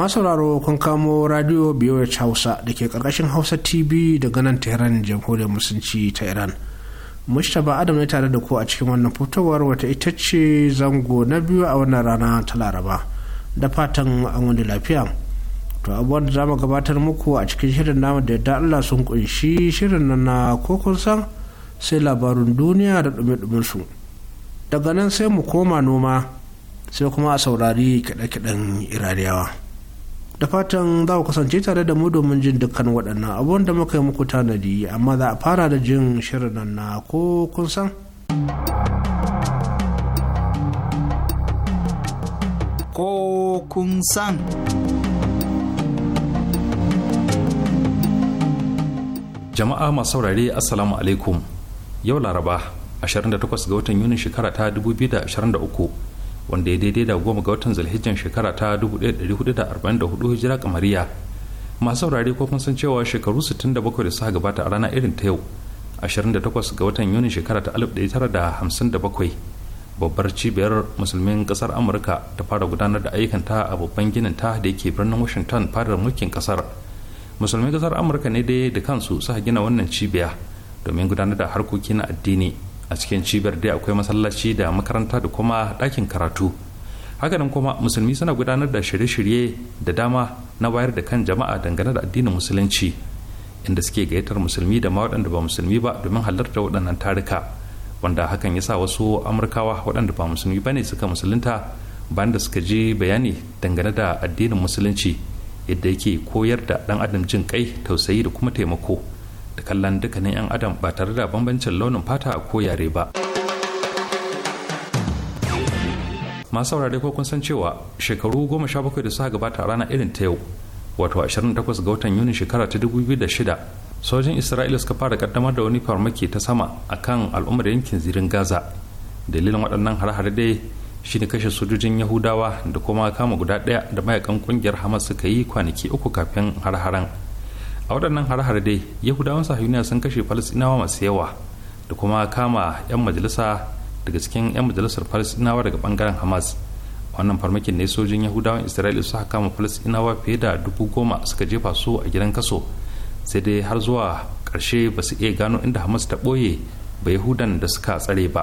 masu sauraro kun kamo radio BOH Hausa da ke karkashin Hausa TV daga nan Tehran jamhuriyar musulunci ta Iran. Mustapha Adam ne tare da ku a cikin wannan fitowar wata ita ce zango na biyu a wannan rana ta Laraba. Da fatan an wani lafiya. To abubuwan da zamu gabatar muku a cikin shirin namu da yadda Allah sun kunshi shirin nan na kokon san sai labarun duniya da ɗume su. Daga nan sai mu koma noma sai kuma a saurari kiɗe-kiɗen Iraniyawa. da fatan za ku kasance tare da mu domin jin dukkan waɗannan abubuwan da muka yi muku tanadi amma za a fara da jin shirin nan na ko kun san ko kun san jama'a masu saurare assalamu alaikum yau laraba 28 ga watan yunin shekara ta 2023 wanda ya daidai da goma ga watan zalhijjan shekara ta 1444 hijira kamariya masu saurare ko kun san cewa shekaru 67 da suka gabata a rana irin ta yau 28 ga watan yuni shekara ta 1957 babbar cibiyar musulmin kasar amurka ta fara gudanar da ayyukan ta a babban ginin ta da yake birnin washington fadar mulkin kasar musulmin kasar amurka ne dai da kansu suka gina wannan cibiya domin gudanar da harkoki na addini a cikin cibiyar dai akwai masallaci da makaranta da kuma ɗakin karatu hakanan kuma musulmi suna gudanar da shirye-shirye da dama na wayar da kan jama'a dangane da addinin musulunci inda suke gayyatar musulmi da ma waɗanda ba musulmi ba domin halarta waɗannan tarika wanda hakan ya sa wasu amurkawa waɗanda ba musulmi ba ne suka musulunta bayan da suka je bayani dangane da addinin musulunci yadda yake koyar da ɗan adam jin kai tausayi da kuma taimako da kallon dukkanin 'yan adam ba tare da bambancin launin fata ko yare ba masu saurare ko kun san cewa shekaru goma sha bakwai da suka gabata a rana irin ta yau wato 28 ga watan yuni shekara ta da shida sojin isra'ila suka fara kaddamar da wani farmaki ta sama akan al'ummar yankin zirin gaza dalilin waɗannan har-hare dai shine kashe sojojin yahudawa da kuma kama guda ɗaya da mayakan ƙungiyar hamas suka yi kwanaki uku kafin har-haren a waɗannan har-har dai yahudawan sahiyuniya sun kashe falasɗinawa masu yawa da kuma kama 'yan majalisa daga cikin 'yan majalisar falasɗinawa daga ɓangaren hamas wannan farmakin ne sojin yahudawan isra'ila suka kama falasɗinawa fiye da dubu goma suka jefa su a gidan kaso sai dai har zuwa ƙarshe ba su iya gano inda hamas ta ɓoye ba yahudan da suka tsare ba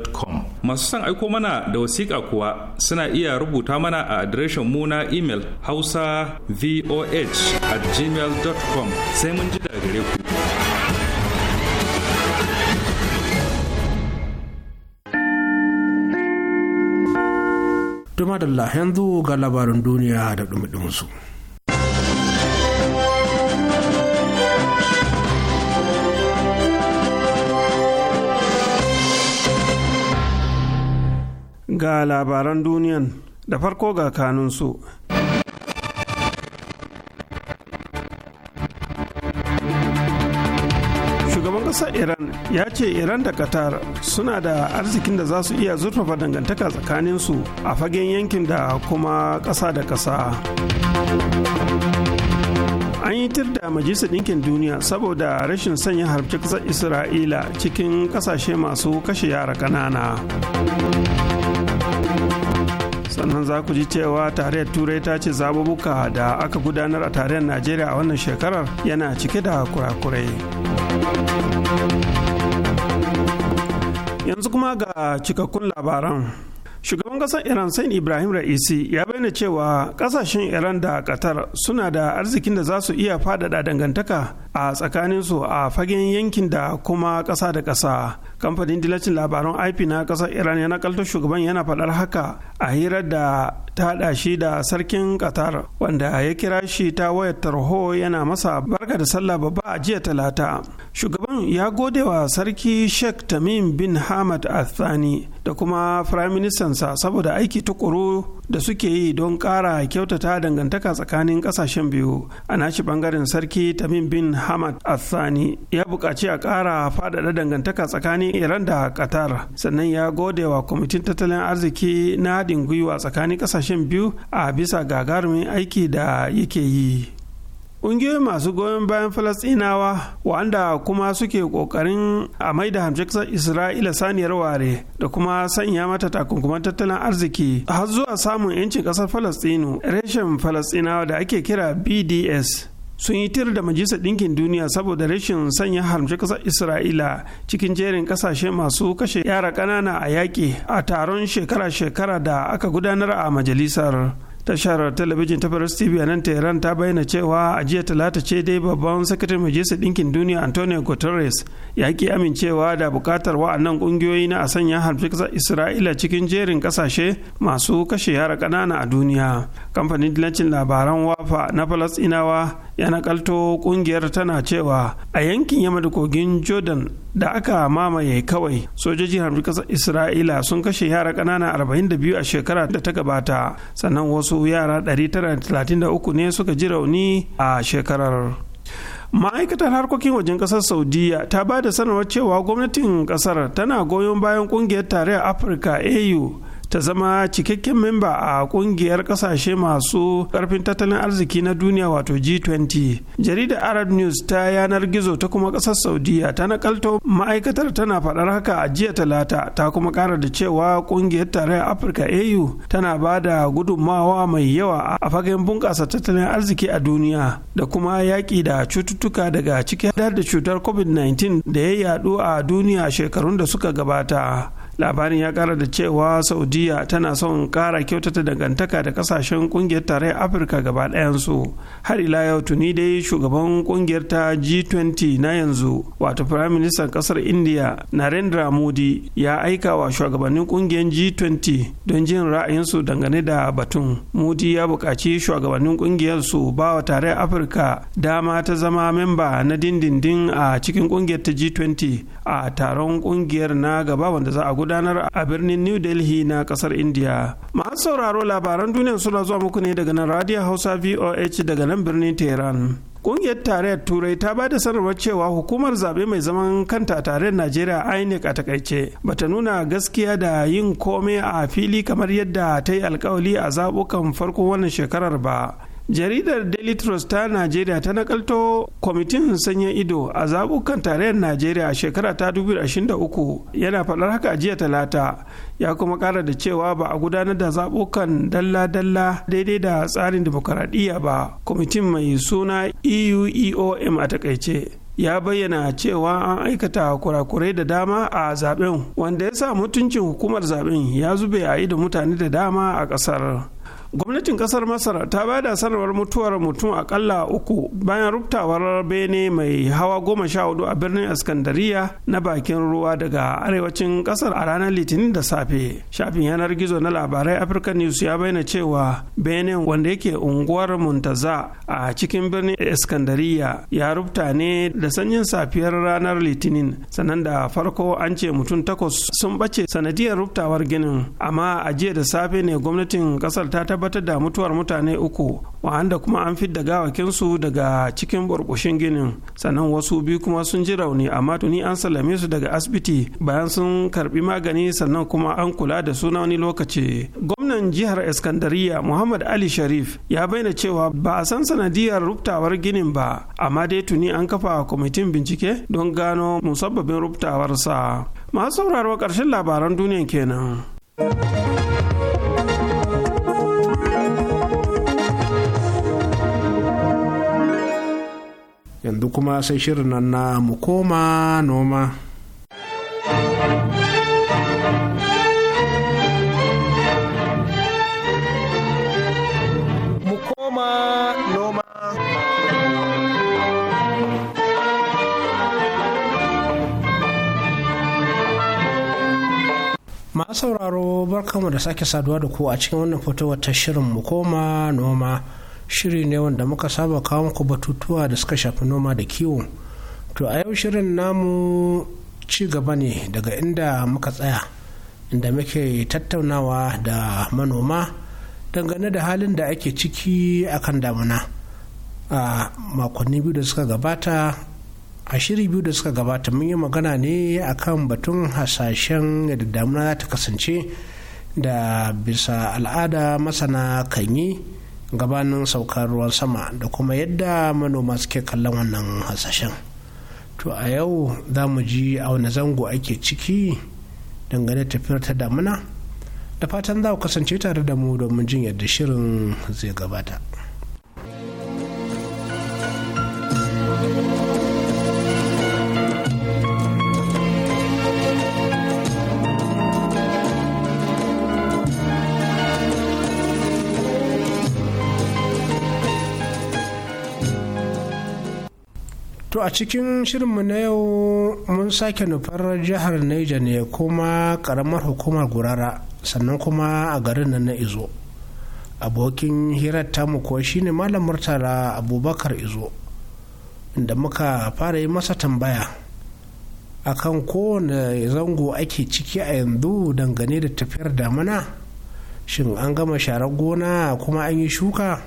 com Masu son aiko mana da wasiƙa kuwa suna iya rubuta mana a adireshin mu na imel hausa voh at gmail.com sai mun ji da gare ku. Tuma da yanzu ga labarin duniya da dumi su. ga labaran duniyan da farko ga kanunsu. Shugaban ƙasar Iran ya ce Iran da Qatar suna da arzikin da za su iya zurfafa dangantaka tsakaninsu a fagen yankin da kuma ƙasa da ƙasa. an yi tir da majalisar ɗinkin duniya saboda rashin sanya harfi ƙasar isra'ila cikin ƙasashe masu kashe yara ƙanana sannan za ku ji cewa tarayyar turai ta ce zabubuka da aka gudanar a tarayyar najeriya a wannan shekarar yana cike da kurakurai yanzu kuma ga cikakkun labaran shugaban kasar iran sain ibrahim ra'isi ya bayyana cewa kasashen iran da qatar suna da arzikin da za su iya fadada dangantaka a tsakanin su a fagen yankin da kuma ƙasa da ƙasa kamfanin dilacin labaran ip na ƙasar iran yana kaltar shugaban yana faɗar haka a hirar da ta haɗa shi da sarkin qatar wanda ya kira shi ta wayar tarho yana masa barka da sallah babba a jiya talata shugaban ya gode wa sarki sheikh tamim bin hamad athani da kuma firaministansa saboda aiki tukuru da suke yi don ƙara kyautata dangantaka tsakanin kasashen biyu a nashi bangaren sarki tamim bin hamad athani ya buƙaci a ƙara faɗaɗa dangantaka tsakanin iran da qatar sannan ya gode wa kwamitin tattalin arziki na haɗin gwiwa tsakanin ƙasashen biyu a bisa gagarumin aiki da yake yi ƙungiyoyin masu goyon bayan falasɗinawa wanda kuma suke ƙoƙarin a mai da hamjaksar isra'ila saniyar ware da kuma sanya mata takunkuman tattalin arziki har zuwa samun 'yancin ƙasar falasɗinu reshen falasɗinawa da ake kira bds sun yi tir da majalisar ɗinkin duniya saboda rashin sanya haramci ƙasar isra'ila cikin jerin kasashe masu kashe yara ƙanana a yaƙi a taron shekara-shekara da aka gudanar a majalisar tashar talabijin ta paris tv a nan tehran ta bayyana cewa a jiya talata ce dai babban sakataren majalisar ɗinkin duniya antonio guterres ya ki amincewa da buƙatar wa'annan ƙungiyoyi na a sanya harfi ƙasar isra'ila cikin jerin kasashe masu kashe yara ƙanana a duniya kamfanin dillacin labaran wafa na falasɗinawa ya nakalto kungiyar tana cewa a yankin yamma da kogin jordan da aka mamaye kawai sojoji hamdu kasar isra'ila sun kashe yara ƙanana 42 a shekara da ta gabata sannan wasu yara 933 ne suka ji rauni a shekarar ma'aikatar harkokin wajen kasar saudiya ta ba da sanarwar cewa gwamnatin kasar tana goyon bayan kungiyar tarayyar afirka au ta zama cikakken memba a kungiyar kasashe masu karfin tattalin arziki na duniya wato G20. Jaridar Arab News ta yanar gizo ta kuma kasar Saudiya ta nakalto ma'aikatar tana faɗar haka a jiya talata ta kuma ƙara da cewa kungiyar tarayyar Afirka AU tana ba da gudummawa mai yawa a fagen bunƙasa tattalin arziki a duniya da kuma yaƙi da cututtuka daga ciki da cutar COVID-19 da ya yaɗu a duniya shekarun da suka gabata. labarin ya kara da cewa saudiya tana son kara kyautata dangantaka da kasashen kungiyar tarayyar afirka gaba ɗayansu har ila yau tuni dai shugaban kungiyar ta g20 na yanzu wato prime minister kasar india narendra modi ya aika wa shugabannin kungiyar g20 don jin ra'ayinsu dangane da batun modi ya bukaci shugabannin kungiyar su ba wa tarayyar afirka dama ta zama memba na dindindin a cikin kungiyar ta g20 a taron kungiyar na gaba wanda za a gudanar a birnin new delhi na kasar india masu sauraro labaran duniya suna zuwa muku ne daga nan radio hausa voh daga nan birnin tehran Ƙungiyar tarayyar Turai ta ba da sanarwar cewa hukumar zaɓe mai zaman kanta a tarayyar Najeriya INEC a takaice bata nuna gaskiya da yin komai a fili kamar yadda ta yi alkawali a zaɓukan farkon wannan shekarar ba. jaridar daily trust ta najeriya ta nakalto kwamitin sanya ido a zabukan tarayyar najeriya a shekara ta 2023 yana faɗar haka a jiya talata ya kuma ƙara da cewa ba a gudanar da zabukan dalla-dalla daidai da tsarin demokaradiyya ba kwamitin mai suna eueom a takaice ya bayyana cewa an aikata kurakurai da dama a zaben wanda ya sa mutuncin hukumar zaben ya zube a idon mutane da dama a ƙasar gwamnatin kasar masar ta ba da sanarwar mutuwar mutum akalla uku bayan rubtawar bene mai hawa goma sha hudu a birnin iskandariya na bakin ruwa daga arewacin kasar a ranar litinin da safe shafin yanar gizo na labarai african news ya bayyana cewa bene wanda yake unguwar muntaza a cikin birnin iskandariya ya rubta ne da sanyin safiyar ranar litinin sannan da farko an ce mutum takwas sun bace sanadiyar rubtawar ginin amma a jiya da safe ne gwamnatin kasar ta tabbatar da mutuwar mutane uku wa'anda kuma an fidda gawakinsu daga cikin burbushin ginin sannan wasu biyu kuma sun ji rauni amma tuni an sallame su daga asibiti bayan sun karbi magani sannan kuma an kula da su wani lokaci gwamnan jihar iskandariya muhammad ali sharif ya bayyana cewa ba a san sanadiyar ruptawar ginin ba amma dai tuni an kafa kwamitin bincike don gano musabbabin ruptawarsa masu sauraro ƙarshen labaran duniya kenan. yanzu kuma sai shirin nan na mu koma noma mu koma noma sauraro barkamu da sake saduwa da ku a cikin wannan foto wata shirin mu koma noma shiri ne wanda muka saba kawo muku batutuwa da suka shafi noma da kiwo to a yau shirin namu ci gaba ne daga inda muka tsaya inda muke tattaunawa da manoma dangane da halin da ake ciki akan damuna a makonni biyu da suka gabata a shiri biyu da suka gabata mun yi magana ne akan batun hasashen da damuna za ta kasance da bisa al'ada masana kan yi gabanin saukar ruwan sama da kuma yadda manoma suke kallon wannan hasashen to a yau za mu ji a wani zango ake ciki dangane tafiyar ta damuna da fatan za ku kasance tare da mu domin jin yadda shirin zai gabata. To a cikin shirinmu na yau mun sake nufar jihar Neja ne kuma karamar hukumar gurara sannan kuma a garin nan na Izo. Abokin hirar tamu ko shine Malam Murtala Abubakar Izo inda muka fara yi masa tambaya akan kowane zango ake ciki a yanzu dangane da tafiyar damana shin an gama sharar gona kuma an yi shuka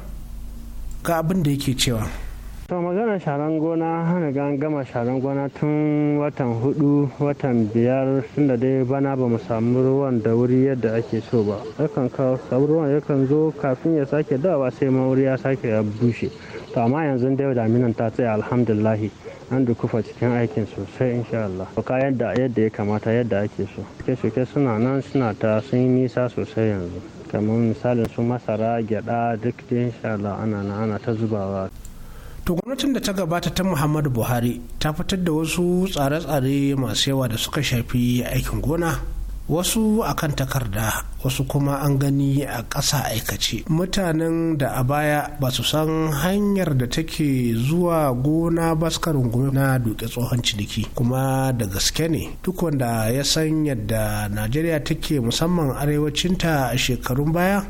ga abin da yake cewa. to magana sharan gona hana gan gama sharan gona tun watan hudu watan biyar da dai bana ba mu samu ruwan da wuri yadda ake so ba yakan kawo sabu ruwan yakan zo kafin ya sake dawa sai ma wuri ya sake ya bushe to amma yanzu dai daminan ta tsaya alhamdulillahi an dukufa cikin aikin sosai insha Allah ka yadda yadda ya kamata yadda ake so shuke suna nan suna ta sun yi nisa sosai yanzu kamar misalin su masara gyada duk da insha Allah ana ana ta zubawa to gwamnatin da ta gabata ta muhammadu buhari ta fitar da wasu tsare-tsare masu yawa da suka shafi aikin gona wasu a kan takarda wasu kuma an gani a ƙasa aikace mutanen da a baya ba su san hanyar da take zuwa gona baskarin rungume na duke tsohon ciniki kuma da gaske ne duk wanda ya san yadda najeriya take musamman arewacinta a shekarun baya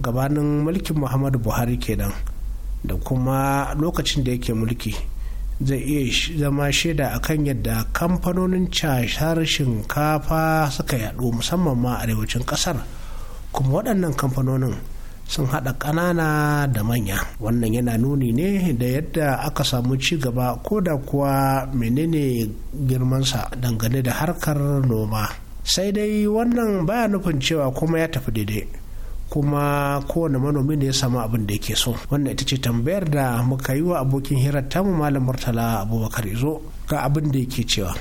gabanin mulkin muhammadu buhari kenan da kuma lokacin da yake mulki zai iya zama shaida akan yadda kamfanonin cashar shinkafa suka yaɗu musamman ma arewacin ƙasar kuma waɗannan kamfanonin sun haɗa ƙanana da manya wannan yana nuni ne da yadda aka samu ci gaba ko da kuwa menene girmansa dangane da harkar noma sai dai wannan baya nufin cewa kuma ya tafi daidai kuma kowane manomi ne ya samu abin da yake so wannan ita ce tambayar da muka yi wa abokin hirar tamu malam murtala abubakar izo ga abin da yake cewa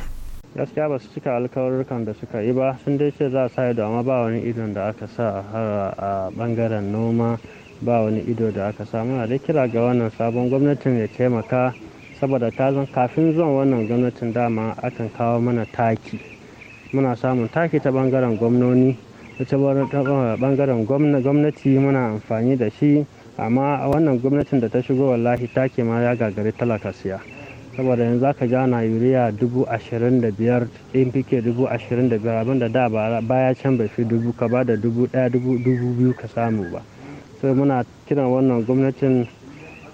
gaskiya ba su cika alkawarurkan da suka yi ba sun dai ce za a sa ido amma ba wani ido da aka sa a bangaren noma ba wani ido da aka sa muna da kira ga wannan sabon gwamnatin ya taimaka saboda ta zan kafin zuwan wannan gwamnatin dama akan kawo mana taki muna samun taki ta bangaren gwamnoni ta bangaren gwamnati muna amfani da shi amma a wannan gwamnatin da ta shigo wallahi ta ke ma ya gagari talaka siya saboda yanzu aka ja na yuriya dubu ashirin da biyar npk dubu ashirin da biyar abinda da baya can bai fi dubu ka ba da dubu daya dubu biyu ka samu ba sai muna kiran wannan gwamnatin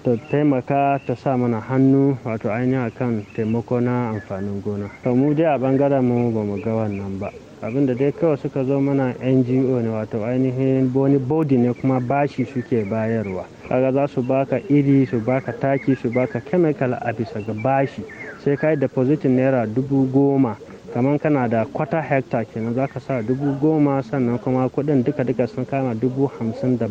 ta taimaka ta sa mana hannu wato ainihin kan taimako na amfanin gona to mu dai a bangaren mu ba mu ga wannan ba abinda dai kawai suka zo mana ngo ne wato ainihin wani bodi ne kuma bashi suke bayarwa kaga za su baka iri su baka taki su baka chemical a bisa ga bashi sai ka yi depositin naira dubu goma kamar kana da kwata hekta kenan za ka sa dubu goma sannan kuma kudin duka duka sun kama dubu hamsin da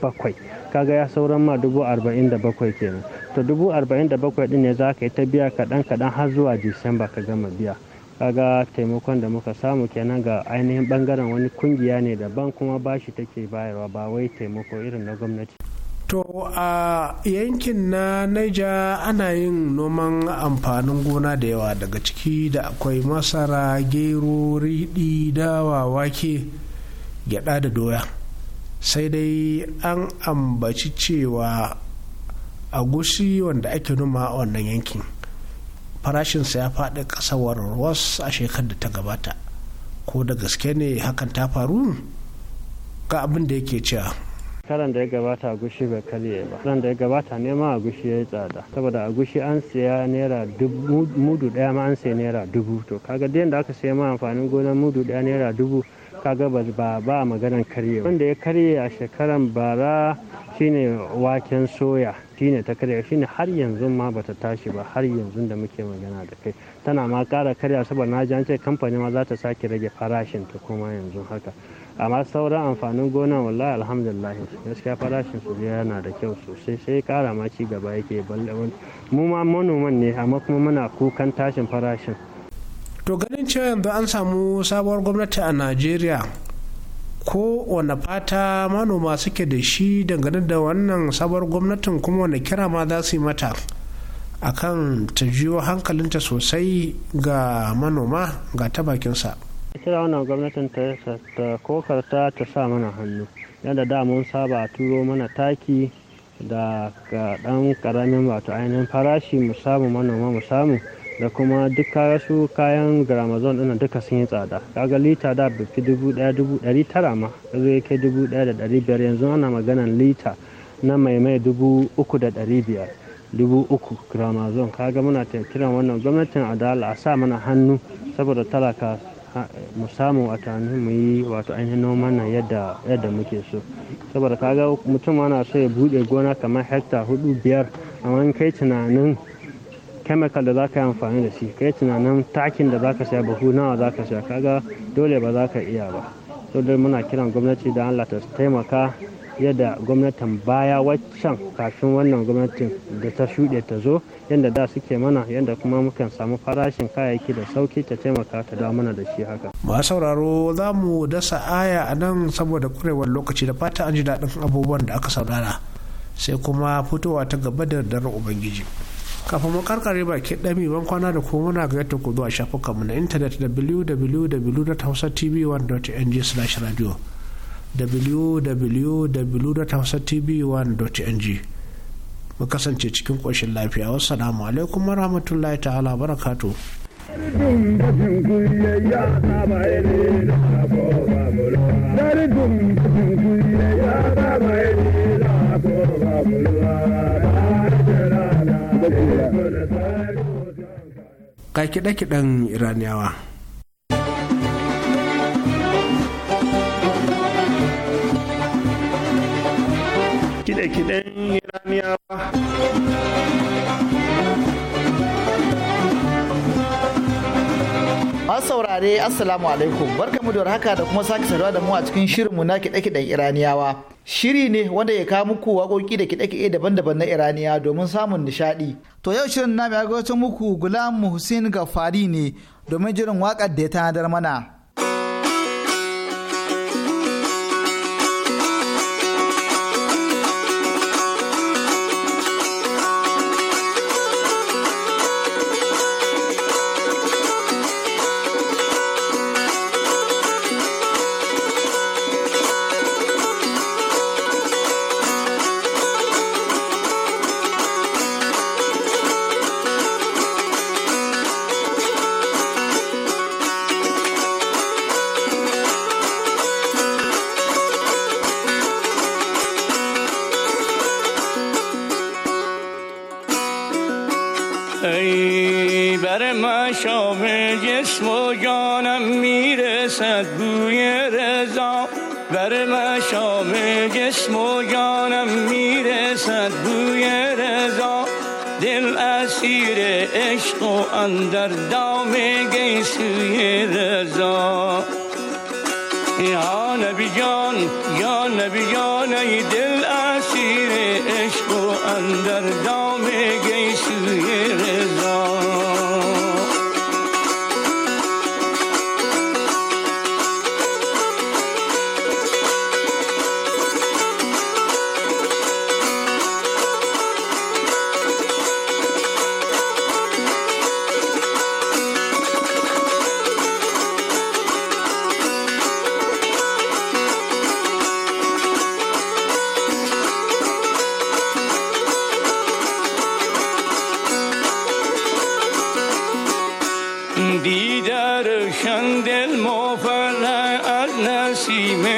bakwai kaga ya sauran ma dubu arba'in da bakwai kenan to dubu arba'in da bakwai din ne za ka yi ta biya kaɗan kaɗan har zuwa disamba ka gama biya kaga taimakon da muka samu kenan ga ainihin bangaren wani kungiya ne daban kuma bashi take bayarwa ba wai taimako irin na gwamnati to a yankin na naija ana yin noman amfanin gona da yawa daga ciki da akwai masara gero riɗi dawa wake gyada da doya sai dai an ambaci cewa agushi wanda ake noma a wannan yankin farashinsa ya faɗi ƙasawar ross a shekar da ta gabata ko da gaske ne hakan ta faru ga abin da yake cewa karan da ya gabata agushi bai karye ba karan da ya gabata ne ma agushi ya yi tsada saboda agushi an siya naira mudu daya ma an siya naira dubu to kaga da aka siya ma amfanin gonar mudu daya naira dubu kaga ba ba maganan karye wanda ya karye a shekaran bara shine waken soya shine ta karya shine har yanzu ma bata tashi ba har yanzu da muke magana da kai tana ma kara karya saboda na ji an ce kamfani ma za ta sake rage farashin ta kuma yanzu haka amma sauran amfanin gona wallahi alhamdulillah gaskiya farashin su yana da kyau sosai sai kara ma ci gaba yake balle mu ma manoman ne amma kuma muna kukan tashin farashin to ganin cewa yanzu an samu sabuwar gwamnati a najeriya ko wane fata manoma suke da shi dangane da wannan sabuwar gwamnatin kuma wane kira ma za su yi mata akan ta jiyo hankalinta sosai ga manoma ga ta bakinsa kira wannan gwamnatin ta kokarta ta sa mana hannu yadda da mun saba turo mana taki da dan karamin wato ainihin farashi mu samu manoma mu samu da kuma duk kaya su kayan gramazon ɗin duka sun yi tsada kaga lita da bifi dubu ɗaya dubu ɗari tara ma yanzu ya dubu ɗaya da ɗari biyar yanzu ana maganan lita na mai mai dubu uku da ɗari biyar dubu uku gramazon kaga muna kiran wannan gwamnatin adala a sa mana hannu saboda talaka mu samu a tani mu yi wato ainihin noman nan yadda yadda muke so saboda kaga mutum ana so ya buɗe gona kamar hekta hudu biyar amma kai tunanin chemical da zaka yi amfani da shi kai tunanin takin da za zaka sha buhu nawa zaka sha kaga dole ba za ka iya ba so dai muna kiran gwamnati da Allah ta taimaka yadda gwamnatin baya waccan kafin wannan gwamnatin da ta shuɗe ta zo yadda da suke mana yadda kuma mukan samu farashin kayayyaki da sauki ta taimaka ta da mana da shi haka. Ma sauraro za mu dasa aya a nan saboda kurewar lokaci da fata an ji daɗin abubuwan da aka saurara sai kuma fitowa ta gaba da daren Ubangiji. kafin mu karkare baki dami ban kwana da kuma muna yadda ku zuwa mu na intanet www.hausatv1.ng slash radio www.hausatv1.ng mu kasance cikin koshin lafiya wassalamu alaikum warahmatullahi ta'ala barakatu Dari dum dum kuye ya ba mai la ko ba mulwa Ga kiɗe-kiɗen Iraniyawa. Kiɗe-kiɗen Iraniyawa. masu saurare assalamu alaikum barkamu da haka da kuma sake saduwa da mu a cikin shirinmu na kiɗe-kiɗen iraniyawa shiri ne wanda ya kawo muku waƙoƙi da kiɗe-kiɗe daban-daban na iraniya domin samun nishaɗi to yau shirin na mai muku gulam hussein gafari ne domin jirin waƙar da ya tanadar mana رسد بوی رضا دل اسیر عشق و اندر دام گیسوی رضا یا نبی جان یا نبی جان ای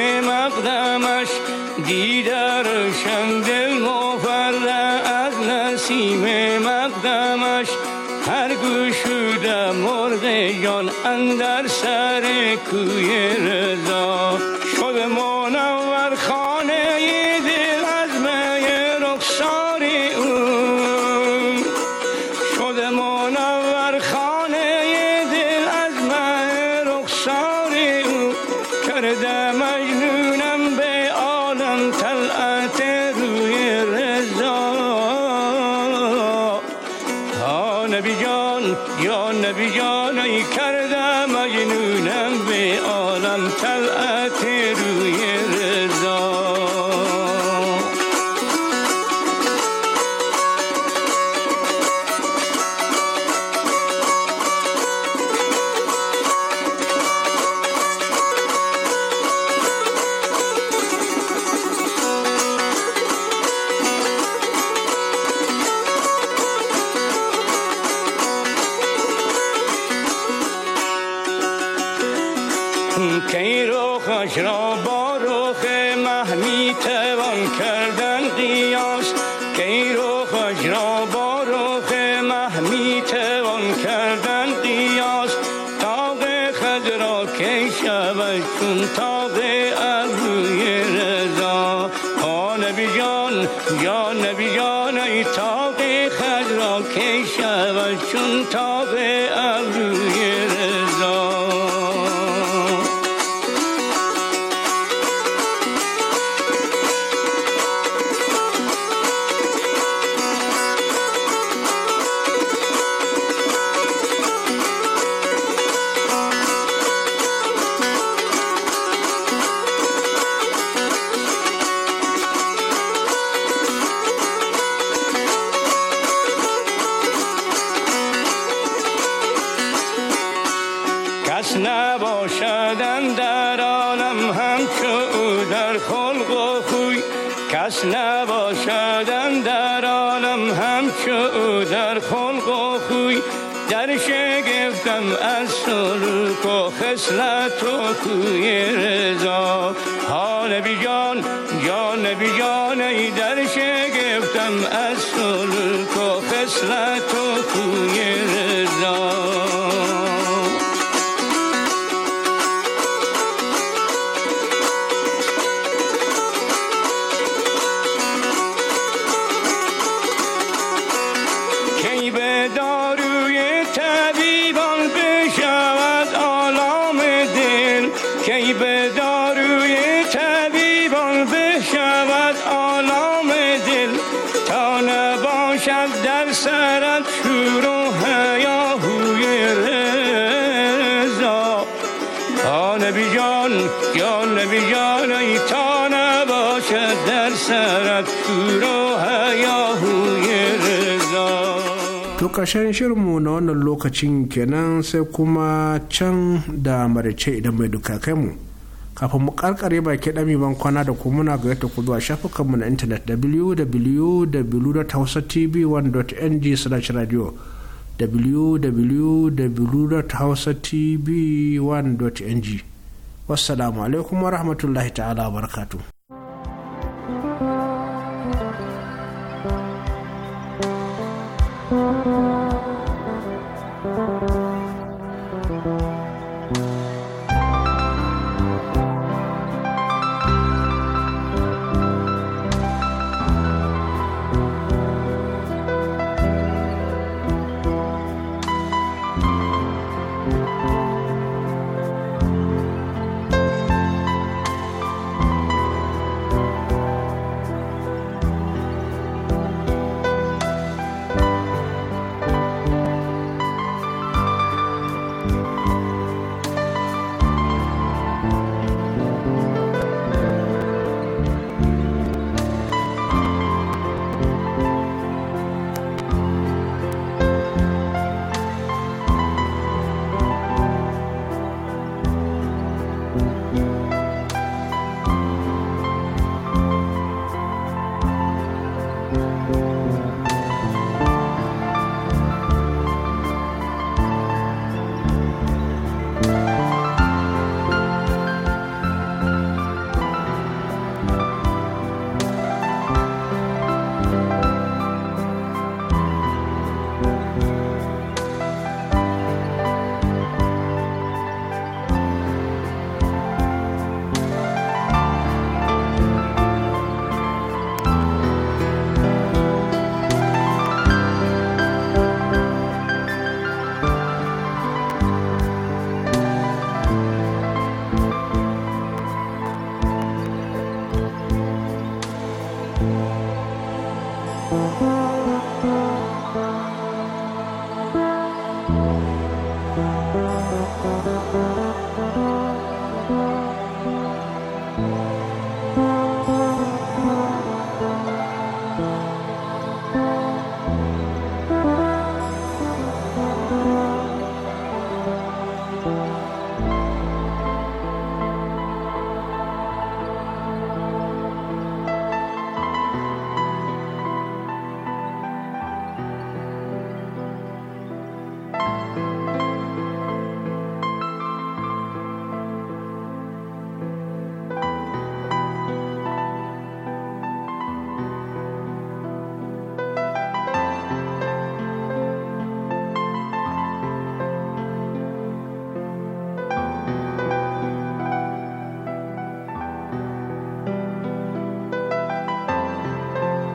مقدمش دیدار دل آورده از نسیم مقدمش هر گوشوده مرغ جان اندر سر کوی ƙarshen shirinmu na wannan lokacin kenan sai kuma can da marice idan mai dukakai mu kafin mu karkare baki dami ban kwana da kuma muna gayyata ku zuwa shafukanmu na intanet www.hausatv1.ng/radio www.hausatv1.ng wassalamu alaikum wa rahmatullahi ta'ala barakatu Thank you.